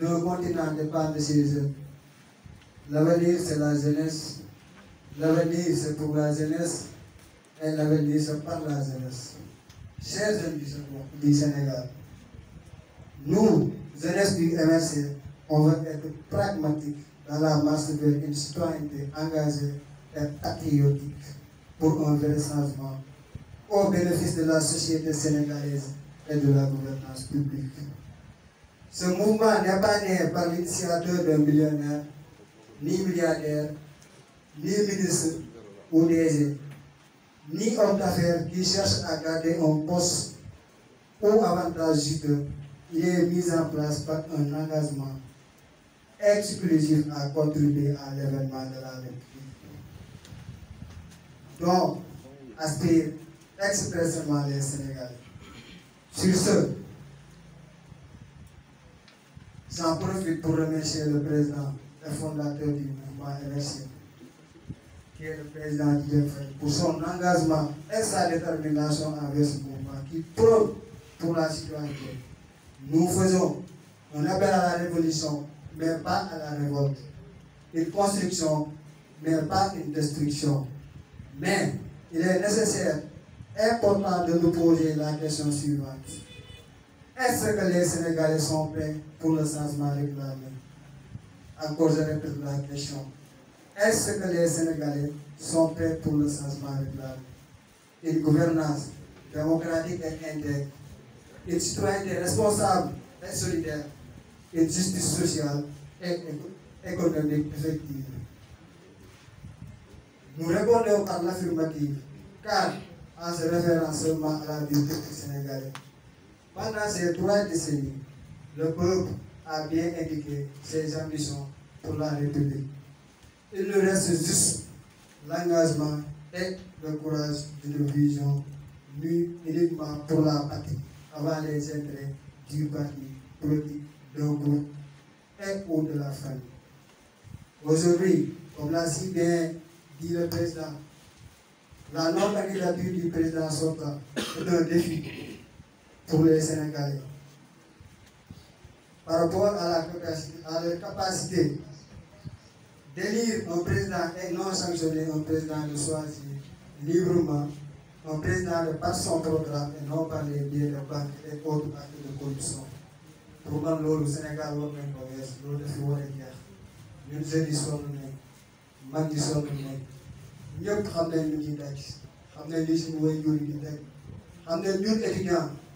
deux continents dépendent de ces jeunes. L'avenir, c'est la jeunesse. L'avenir, c'est pour la jeunesse. Et l'avenir, c'est par la jeunesse. Chers jeunes du Sénégal, nous, jeunesse du MSC, on veut être pragmatiques dans la masse de une citoyenneté engagée et patriotique pour un vrai changement au bénéfice de la société sénégalaise et de la gouvernance publique. Ce mouvement n'est pas né par l'initiateur d'un millionnaire, ni milliardaire, ni ministre ou DG, e, ni homme d'affaires qui cherchent à garder un poste ou avantage juteux. Il est mis en place par un engagement exclusif à contribuer à l'événement de la République. Donc, aspire expressément les Sénégalais. Sur ce, J'en profite pour remercier le président le fondateur du mouvement RSI, e, qui est le président pour son engagement et sa détermination avec ce mouvement qui prône pour la citoyenneté. Nous faisons un appel à la révolution, mais pas à la révolte. Une construction, mais pas une destruction. Mais il est nécessaire, important de nous poser la question suivante. Est-ce que les Sénégalais sont prêts pour le changement réclamé Encore, cause répète la question. Est-ce que les Sénégalais sont prêts pour le changement réclamé Une gouvernance démocratique et intègre, une citoyenneté responsable et solidaire, une justice sociale et économique effective. Nous répondons par l'affirmative, car en se référant seulement à la vie Sénégalais, pendant ces trois décennies, le peuple a bien indiqué ses ambitions pour la République. Il ne reste juste l'engagement et le courage d'une vision lui uniquement pour la patrie, avant les intérêts du parti politique, d'un groupe et ou de la famille. Aujourd'hui, comme l'a si bien dit le président, la non-candidature du président sortant est un défi pour les Sénégalais. Par rapport à, la capacité, leur capacité d'élire un président et non sanctionner un président de choisir librement, un président de par son programme et non par les de banques et autres banques de corruption. Pour moi, le Sénégal, Nous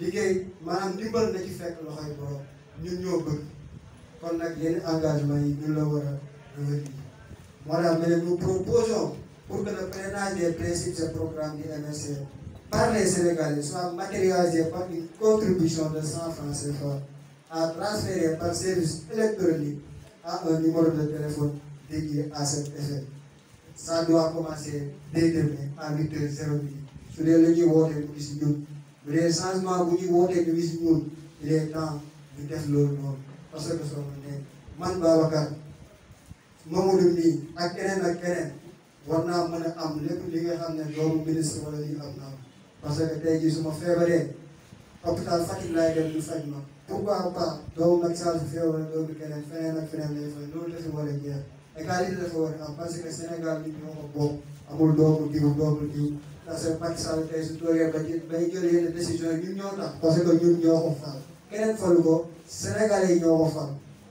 Je na ci engagement nous proposons pour que le prénage des principes et programmes du MSC par les Sénégalais soit matérialisé par une contribution de 100 francs CFA à transférer par service électronique à un numéro de téléphone dédié à cet effet. Ça doit commencer dès demain à 8h00 Je dee la ñuy bu dee changement bu ñuy wootee ñu gis ñun il est temps ñu def loolu noonu parce que soo ne man Babacar Mamadou mii ak keneen ak keneen war naa mën a am lépp li nga xam ne doomu ministre wala li am naa parce que tey jii su ma feebaree hôpital Fatick laay dem ñu faj ma. pourquoi pas doomu Macky Sall su feebaree doomu keneen feneen ak feneen lay fay loolu dafa war a jeex égalité dafa war a am parce que Sénégal bi ñoo ko bokk amul doomu diw doomu diw. parce que Macky Sall tey su toogee ba jël bay jël ñoo tax parce ñoo ko fal keneen falu ko ñoo ko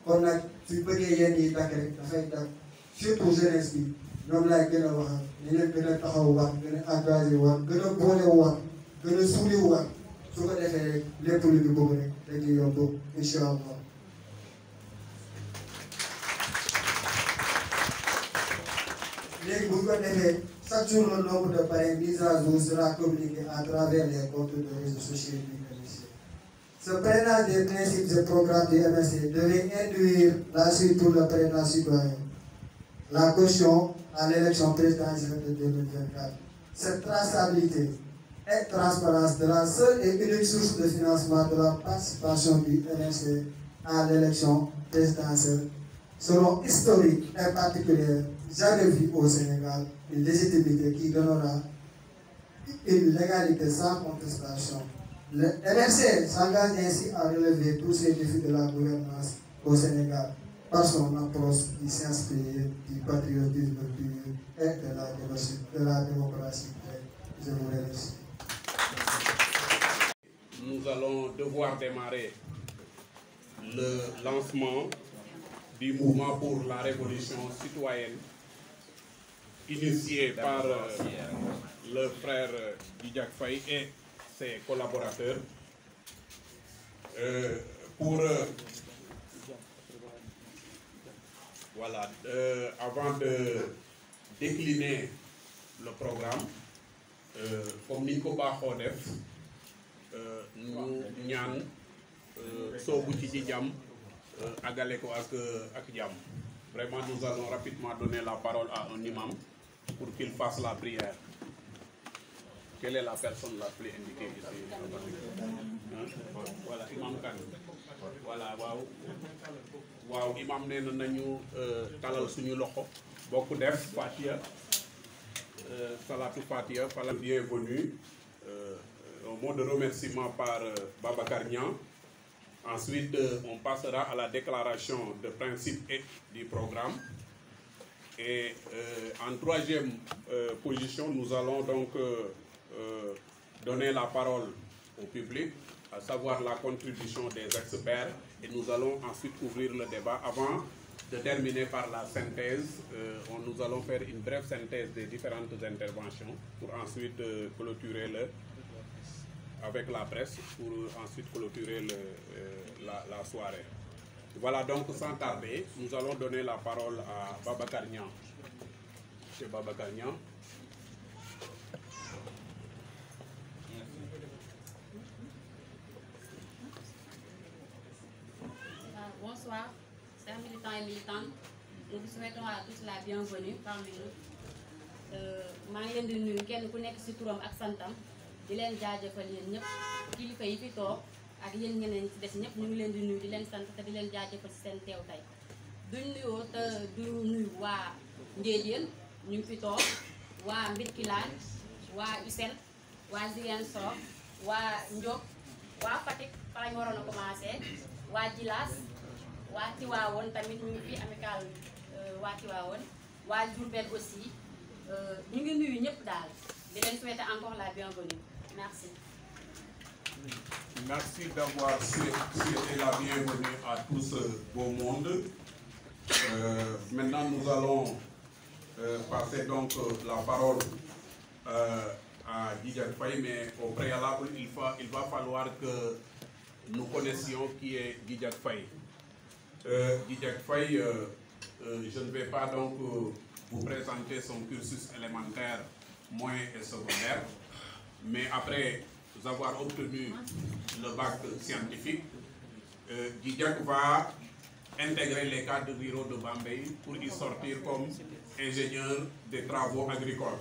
kon nag suñ bëggee yenn yi dakk rek dafay dakk surtout bi ñoom laay gën a waxal ñu leen gën a taxaw war gën a engagé war gën a boole war gën a suuli war su ko defee rek lépp lu ñu bëgg rek dañuy yomb incha allah léegi bu ñu ko le nombre de parrains mis à jour sera communiqué à travers les comptes de réseaux sociaux du MSC. Ce prénat des principes et programmes du MSC devait induire la suite pour le prénat citoyen, la caution à l'élection présidentielle de 2024. Cette traçabilité et transparence de la seule et unique source de financement de la participation du MSC à l'élection présidentielle seront historiques et particulières jamais vues au Sénégal une légitimité qui donnera une légalité sans contestation. Le MRC s'engage ainsi à relever tous ces défis de la gouvernance au Sénégal par son approche qui s'inspire du patriotisme pur et de la démocratie. De la démocratie. Je vous remercie. Nous allons devoir démarrer le lancement du mouvement pour la révolution citoyenne initié par euh, le frère euh, Didiak Faye et ses collaborateurs euh, pour voilà avant de décliner le programme comme ni vraiment nous allons rapidement donner la parole à un imam pour qu'il fasse la prière. Quelle est la personne la plus indiquée ici hein? Voilà, Imam Khan. Voilà, waouh, waouh, Imam nee nous euh, talal suñu loxo. bokku def Fala bienvenue. un euh, mot de remerciement par euh, Baba Karnian. Ensuite, on passera à la déclaration de principe et du programme. Et euh, en troisième euh, position, nous allons donc euh, donner la parole au public, à savoir la contribution des experts, et nous allons ensuite ouvrir le débat avant de terminer par la synthèse. nous allons faire une brève synthèse des différentes interventions pour ensuite clôturer le avec la presse pour ensuite clôturer la soirée. Voilà, donc sans tarder, nous allons donner la parole à Baba Carnian. Monsieur Baba Carnian. Euh, bonsoir, chers militants et militantes. Nous vous souhaitons à tous la bienvenue parmi nous. Euh, maa ngi leen di connaît kenn ku nekk ci turam ak santam di leen de yéen ñëpp kilifa yi fi ak yeen ñeneen ci dess ñep ñu ngi leen di nuyu di leen sant te di leen jaajëfal ci seen teew tay duñ nuyo te du nuyu wa Ngéejeen ñu ngi fi toog waa Mbirkilaan wa Usel wa waa so wa Ndiop wa fatik fa lañ waroon a commencé wa jilas wa Tiwaawoon tamit ñu ngi fi amical wa Tiwaawoon wa Diourbel aussi euh, ñu ngi nuyu ñëpp daal di leen souhaiter encore la bienvenue merci Merci d'avoir souhaité la bienvenue à tout ce euh, beau monde. Euh, maintenant, nous allons euh, passer donc la parole à Didier Faye, mais au préalable, il, il, va falloir que nous connaissions qui est Didier Faye. Didier Faye, je ne vais pas donc vous présenter son cursus élémentaire, moins et secondaire, mais après avoir obtenu le bac scientifique, euh, Didiac va intégrer les cadres de bureau de Bambay pour y sortir comme ingénieur des travaux agricoles.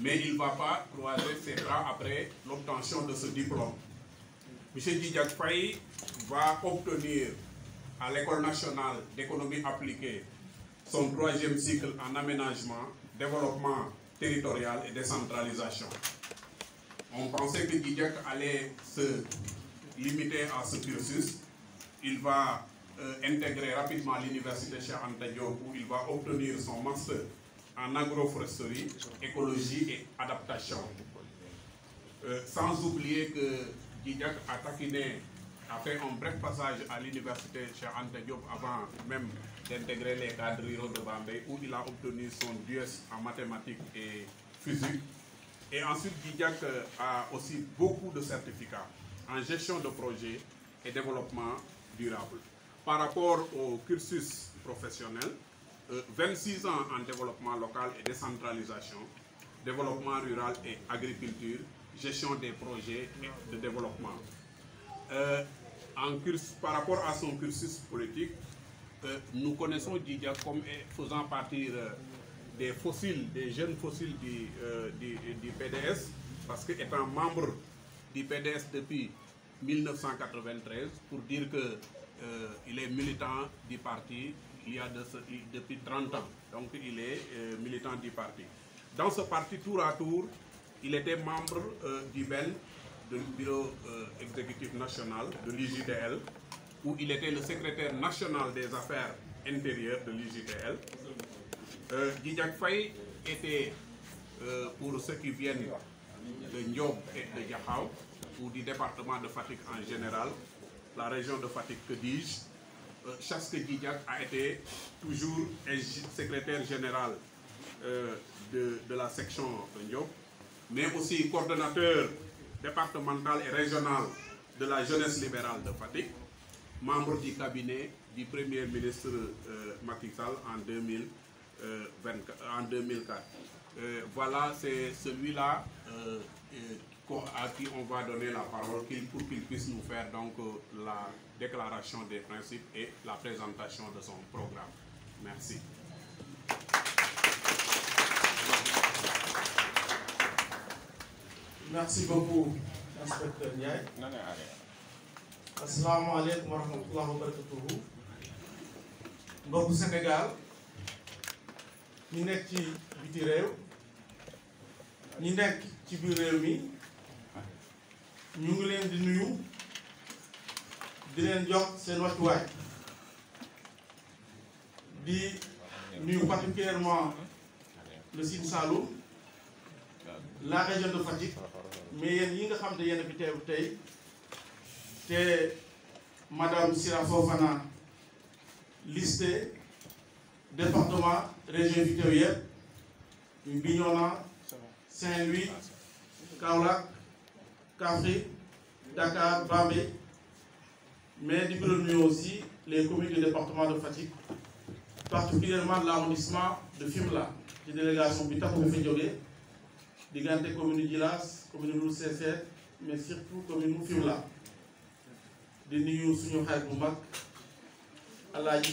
Mais il ne va pas croiser ses bras après l'obtention de ce diplôme. M. Didiac Faye va obtenir à l'École nationale d'économie appliquée son troisième cycle en aménagement, développement territorial et décentralisation. On pensait que Guidiac allait se limiter à ce cursus. Il va euh, intégrer rapidement l'université chez Diop où il va obtenir son master en agroforesterie, écologie et adaptation. Euh, sans oublier que Guidiac a a fait un bref passage à l'université chez Anta avant même d'intégrer les cadres de Bambay où il a obtenu son dieu en mathématiques et physique et ensuite, que euh, a aussi beaucoup de certificats en gestion de projets et développement durable. Par rapport au cursus professionnel, 26 euh, ans en développement local et décentralisation, développement rural et agriculture, gestion des projets de développement. Euh, en cursus, par rapport à son cursus politique, nous connaissons Didier comme faisant partie des fossiles, des jeunes fossiles du, euh, PDS, parce qu'étant membre du PDS depuis 1993, pour dire que euh, il est militant du parti il y a de depuis 30 ans. Donc il est euh, militant du parti. Dans ce parti, tour à tour, il était membre du BEL, du Bureau exécutif national, de l'IJDL, où il était le secrétaire national des affaires intérieures de l'IJDL. Euh, Didiak Faye était, euh, pour ceux qui viennent de Nyob et de Yahao, ou du département de Fatik en général, la région de Fatik que dis-je, euh, a été toujours secrétaire général euh, de, la section Nyob, mais aussi coordonnateur départemental et régional de la jeunesse libérale de Fatik, membre du cabinet du Premier ministre euh, en 2000. Euh, en 2004. Euh, voilà, c'est celui-là euh, à qui on va donner la parole pour qu'il puisse nous faire donc la déclaration des principes et la présentation de son programme. Merci. Merci beaucoup, inspecteur Ndiaye. Assalamu alaikum wa wa Sénégal. ñi nekk ci biti réew ñi nekk ci biir réew mi ñu ngi leen di nuyu di leen jox seen wàccuwaay di nuyu particulièrement le Sine Saloum la région de Fatick mais yéen yi nga xam ne yéen a teew tey te madame Sira Fofana département région victorienne, yëpp Saint-Louis Kaulac, Café, Dakar Bambey mais du premier aussi les communes du département de fatigue, particulièrement l'arrondissement de Fimla, est délégation bi taxu bi des grandes communes d'Ilas, u communes commune mais surtout commune de Fimla, di nuyu suñu à bu la Alaaji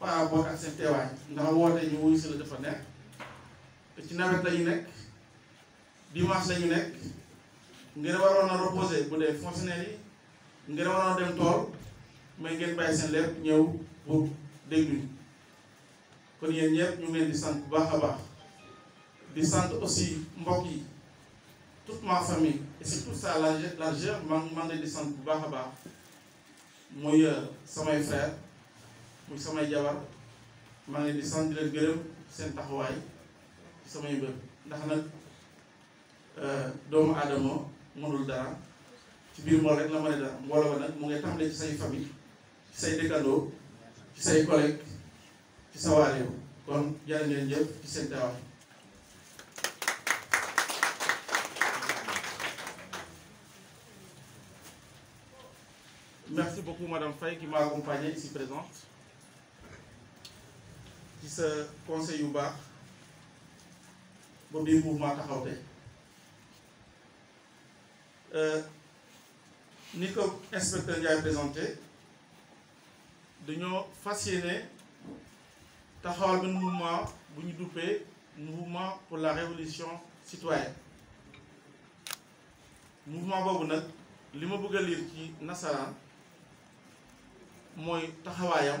waaw bokk ak seen teewaay ndax woote ñu wuy la dafa nekk te ci nawet lañu nekk dimanche lañu nekk ngeen waroon a reposer bu dee fonctionnaire yi ngeen waroon a dem tool mais ngeen bàyyi seen lépp ñëw pour déglu kon yéen ñëpp ñu ngi di sant bu baax a baax di sant aussi mbokk yi toute ma famille et surtout sa largeur man man leen di sant bu baax a baax muy euh, samay frère Je samay jabar Merci beaucoup, Madame Fay qui m'a accompagné ici présente ci sa conseil yu baax ba bii mouvement taxaw tey euh, ni ko inspecteur Ndiaye présenté dañoo fas taxawal benn mouvement bu ñu duppee mouvement pour la révolution citoyenne mouvement boobu nag li ma bëgg a lire ci nasaraan mooy taxawaayam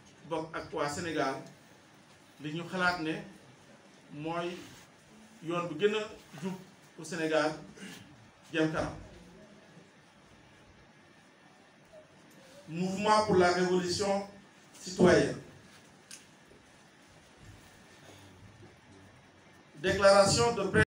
à ak Sénégal li ñu xalaat ne mooy yoon bu gëna jup Sénégal jëm kanam mouvement pour la révolution citoyenne déclaration de